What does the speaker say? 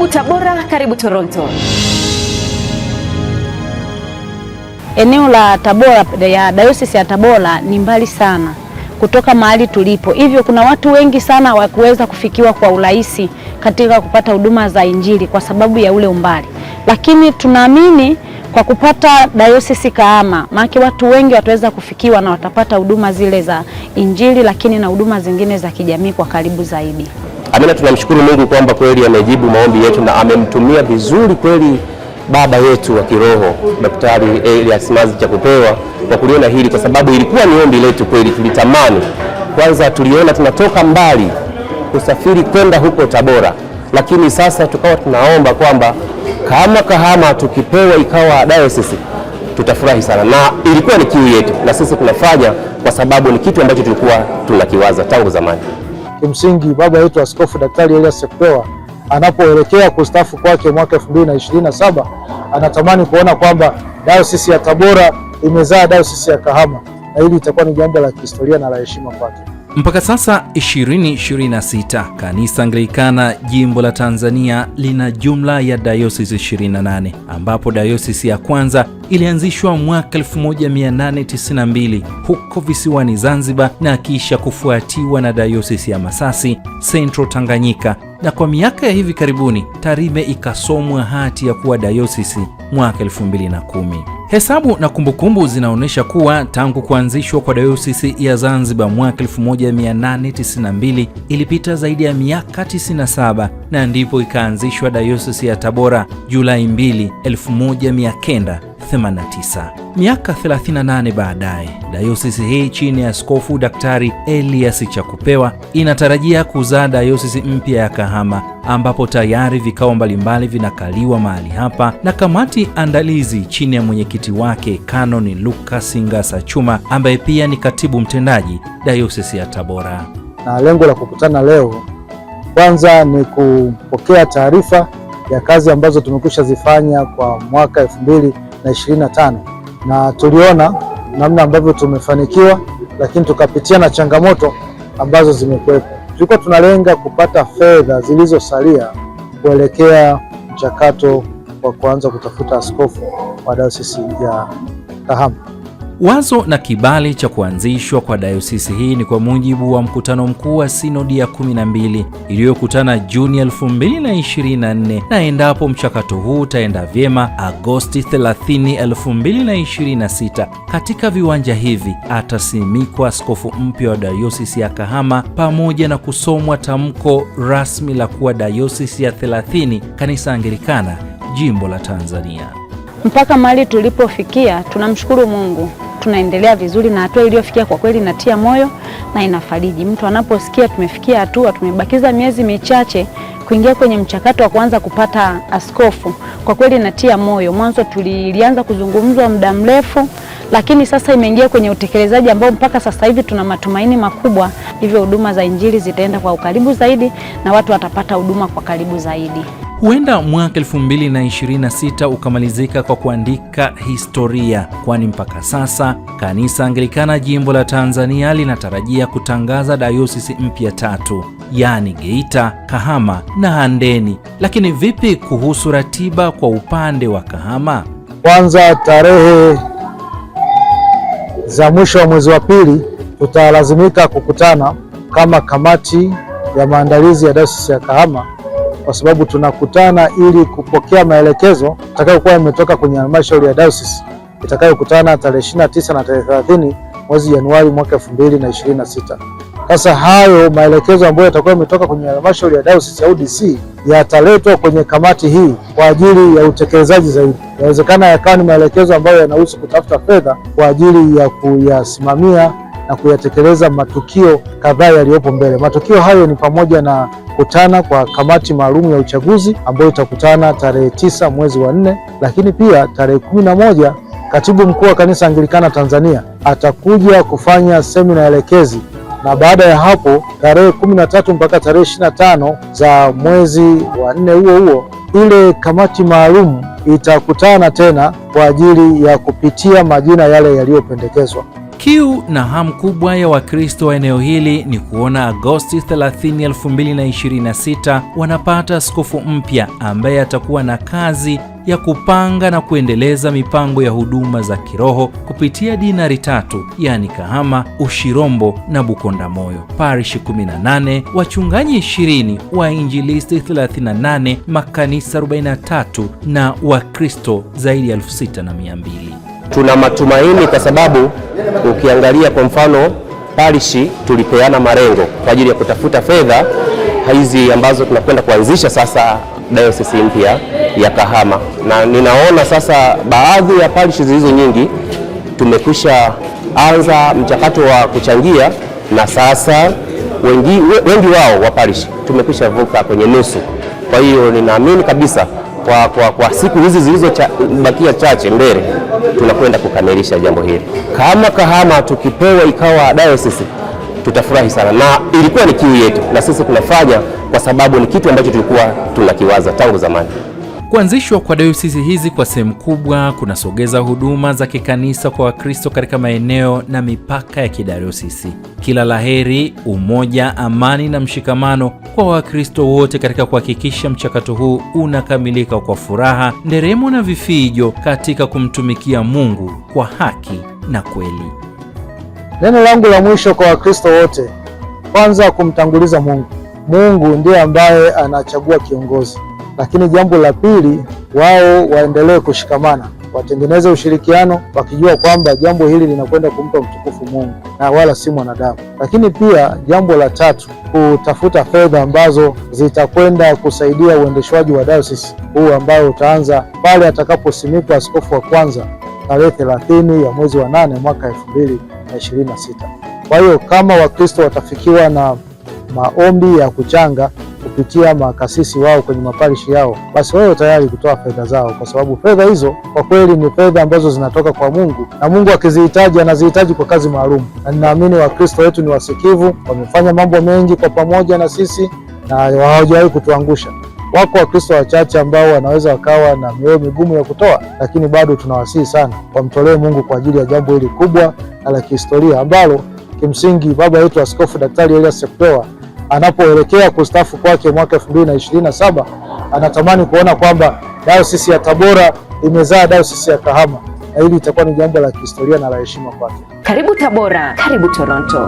Karibu Tabora, karibu Toronto. Eneo la Tabora ya Diocese ya Tabora ni mbali sana kutoka mahali tulipo, hivyo kuna watu wengi sana wakuweza kufikiwa kwa urahisi katika kupata huduma za Injili kwa sababu ya ule umbali, lakini tunaamini kwa kupata Diocese Kahama, maana watu wengi wataweza kufikiwa na watapata huduma zile za Injili, lakini na huduma zingine za kijamii kwa karibu zaidi. Amina, tunamshukuru Mungu kwamba kweli amejibu maombi yetu na amemtumia vizuri kweli baba yetu wa kiroho Daktari Elias Mazi kupewa kwa kuliona hili, kwa sababu ilikuwa ni ombi letu kweli. Tulitamani kwanza, tuliona tunatoka mbali kusafiri kwenda huko Tabora, lakini sasa tukawa tunaomba kwamba kama Kahama tukipewa ikawa dayosisi tutafurahi sana, na ilikuwa ni kiu yetu, na sisi tunafanya kwa sababu ni kitu ambacho tulikuwa tunakiwaza tangu zamani. Kimsingi baba yetu Askofu Daktari Elias Sekpewa anapoelekea kustafu kwake mwaka 2027 anatamani kuona kwamba dayosisi ya Tabora imezaa dayosisi ya Kahama, na hili itakuwa ni jambo la kihistoria na la heshima kwake. Mpaka sasa 2026 kanisa Anglikana jimbo la Tanzania lina jumla ya dayosisi 28 ambapo dayosisi ya kwanza ilianzishwa mwaka 1892 huko visiwani Zanzibar na kisha kufuatiwa na dayosisi ya Masasi, Central Tanganyika na kwa miaka ya hivi karibuni Tarime ikasomwa hati ya kuwa dayosisi mwaka 2010. Hesabu na kumbukumbu zinaonyesha kuwa tangu kuanzishwa kwa Dayosisi ya Zanzibar mwaka 1892 ilipita zaidi ya miaka 97 na ndipo ikaanzishwa Dayosisi ya Tabora Julai 2, 1900 1989. Miaka 38 baadaye, dayosisi hii chini ya askofu Daktari Elias Chakupewa inatarajia kuzaa dayosisi mpya ya Kahama, ambapo tayari vikao mbalimbali vinakaliwa mahali hapa na kamati andalizi chini ya mwenyekiti wake Kanoni Lucas Ngasa Chuma ambaye pia ni katibu mtendaji dayosisi ya Tabora. Na lengo la kukutana leo kwanza ni kupokea taarifa ya kazi ambazo tumekwisha zifanya kwa mwaka elfu mbili na ishirini na tano na tuliona namna ambavyo tumefanikiwa, lakini tukapitia na changamoto ambazo zimekuwepo. Tulikuwa tunalenga kupata fedha zilizosalia kuelekea mchakato wa kuanza kutafuta askofu wa dayosisi ya Kahama. Wazo na kibali cha kuanzishwa kwa dayosisi hii ni kwa mujibu wa mkutano mkuu wa sinodi ya 12 iliyokutana Juni 2024, na endapo mchakato huu utaenda vyema, Agosti 30, 2026, katika viwanja hivi atasimikwa askofu mpya wa dayosisi ya Kahama pamoja na kusomwa tamko rasmi la kuwa dayosisi ya 30 kanisa Anglikana jimbo la Tanzania. Mpaka mahali tulipofikia tunamshukuru Mungu tunaendelea vizuri, na hatua iliyofikia kwa kweli inatia moyo na inafariji mtu anaposikia tumefikia hatua, tumebakiza miezi michache kuingia kwenye mchakato wa kuanza kupata askofu. Kwa kweli inatia moyo. Mwanzo tulianza kuzungumzwa muda mrefu, lakini sasa imeingia kwenye utekelezaji ambao mpaka sasa hivi tuna matumaini makubwa, hivyo huduma za Injili zitaenda kwa ukaribu zaidi na watu watapata huduma kwa karibu zaidi. Huenda mwaka 2026 ukamalizika kwa kuandika historia, kwani mpaka sasa kanisa Anglikana jimbo la Tanzania linatarajia kutangaza dayosisi mpya tatu, yaani Geita, Kahama na Handeni. Lakini vipi kuhusu ratiba kwa upande wa Kahama? Kwanza, tarehe za mwisho wa mwezi wa pili tutalazimika kukutana kama kamati ya maandalizi ya dayosisi ya Kahama kwa sababu tunakutana ili kupokea maelekezo atakayokuwa yametoka kwenye halmashauri ya Dayosisi itakayokutana tarehe 29 na tarehe 30 mwezi Januari mwaka 2026. Sasa hayo maelekezo ambayo yatakuwa yametoka kwenye halmashauri ya Dayosisi au DC yataletwa kwenye kamati hii kwa ajili ya utekelezaji zaidi. Inawezekana yakawa ni maelekezo ambayo yanahusu kutafuta fedha kwa ajili ya kuyasimamia na kuyatekeleza matukio kadhaa yaliyopo mbele. Matukio hayo ni pamoja na kutana kwa kamati maalum ya uchaguzi ambayo itakutana tarehe tisa mwezi wa nne, lakini pia tarehe kumi na moja katibu mkuu wa kanisa Anglikana Tanzania atakuja kufanya semina elekezi na baada ya hapo tarehe kumi na tatu mpaka tarehe ishirini na tano za mwezi wa nne huo huo ile kamati maalum itakutana tena kwa ajili ya kupitia majina yale yaliyopendekezwa. Kiu na hamu kubwa ya Wakristo wa eneo hili ni kuona Agosti 30, 2026 wanapata askofu mpya ambaye atakuwa na kazi ya kupanga na kuendeleza mipango ya huduma za kiroho kupitia dinari tatu, yaani Kahama, Ushirombo na bukonda moyo parishi 18, wachungaji 20, wainjilisti 38, makanisa 43 na Wakristo zaidi ya 6200 tuna matumaini kwa sababu ukiangalia kwa mfano parishi tulipeana marengo kwa ajili ya kutafuta fedha hizi ambazo tunakwenda kuanzisha sasa dayosisi mpya ya Kahama, na ninaona sasa baadhi ya parishi zilizo nyingi tumekwisha anza mchakato wa kuchangia, na sasa wengi, wengi wao wa parishi tumekwisha vuka kwenye nusu. Kwa hiyo ninaamini kabisa kwa, kwa, kwa siku hizi zilizobakia cha, chache mbele tunakwenda kukamilisha jambo hili. Kama Kahama tukipewa ikawa dayosisi tutafurahi sana, na ilikuwa ni kiu yetu, na sisi tunafanya kwa sababu ni kitu ambacho tulikuwa tunakiwaza tangu zamani. Kuanzishwa kwa dayosisi hizi kwa sehemu kubwa kunasogeza huduma za kikanisa kwa Wakristo katika maeneo na mipaka ya kidayosisi. Kila laheri, umoja, amani na mshikamano kwa Wakristo wote katika kuhakikisha mchakato huu unakamilika kwa furaha, nderemo na vifijo katika kumtumikia Mungu kwa haki na kweli. Neno langu la mwisho kwa Wakristo wote, kwanza kumtanguliza Mungu. Mungu ndiye ambaye anachagua kiongozi. Lakini jambo la pili, wao waendelee kushikamana, watengeneze ushirikiano, wakijua kwamba jambo hili linakwenda kumpa mtukufu Mungu na wala si mwanadamu. Lakini pia jambo la tatu, kutafuta fedha ambazo zitakwenda kusaidia uendeshwaji wa dayosisi huu ambao utaanza pale atakaposimikwa askofu wa kwanza tarehe thelathini ya mwezi wa nane mwaka sita. Kwa hiyo kama Wakristo watafikiwa na maombi ya kuchanga kupitia makasisi wao kwenye maparishi yao, basi wao tayari kutoa fedha zao, kwa sababu fedha hizo kwa kweli ni fedha ambazo zinatoka kwa Mungu, na Mungu akizihitaji anazihitaji kwa kazi maalum, na ninaamini Wakristo wetu ni wasikivu, wamefanya mambo mengi kwa pamoja na sisi na hawajawahi kutuangusha. Wako Wakristo wachache ambao wanaweza wakawa na mioyo migumu ya kutoa, lakini bado tunawasihi sana wamtolee Mungu kwa ajili ya jambo hili kubwa na la kihistoria ambalo kimsingi baba yetu Askofu Daktari Elias Sekdowa anapoelekea kustafu kwake mwaka 2027 anatamani kuona kwamba dayosisi ya Tabora imezaa dayosisi ya Kahama, na hili itakuwa ni jambo la kihistoria na la heshima kwake. Karibu Tabora, karibu Toronto.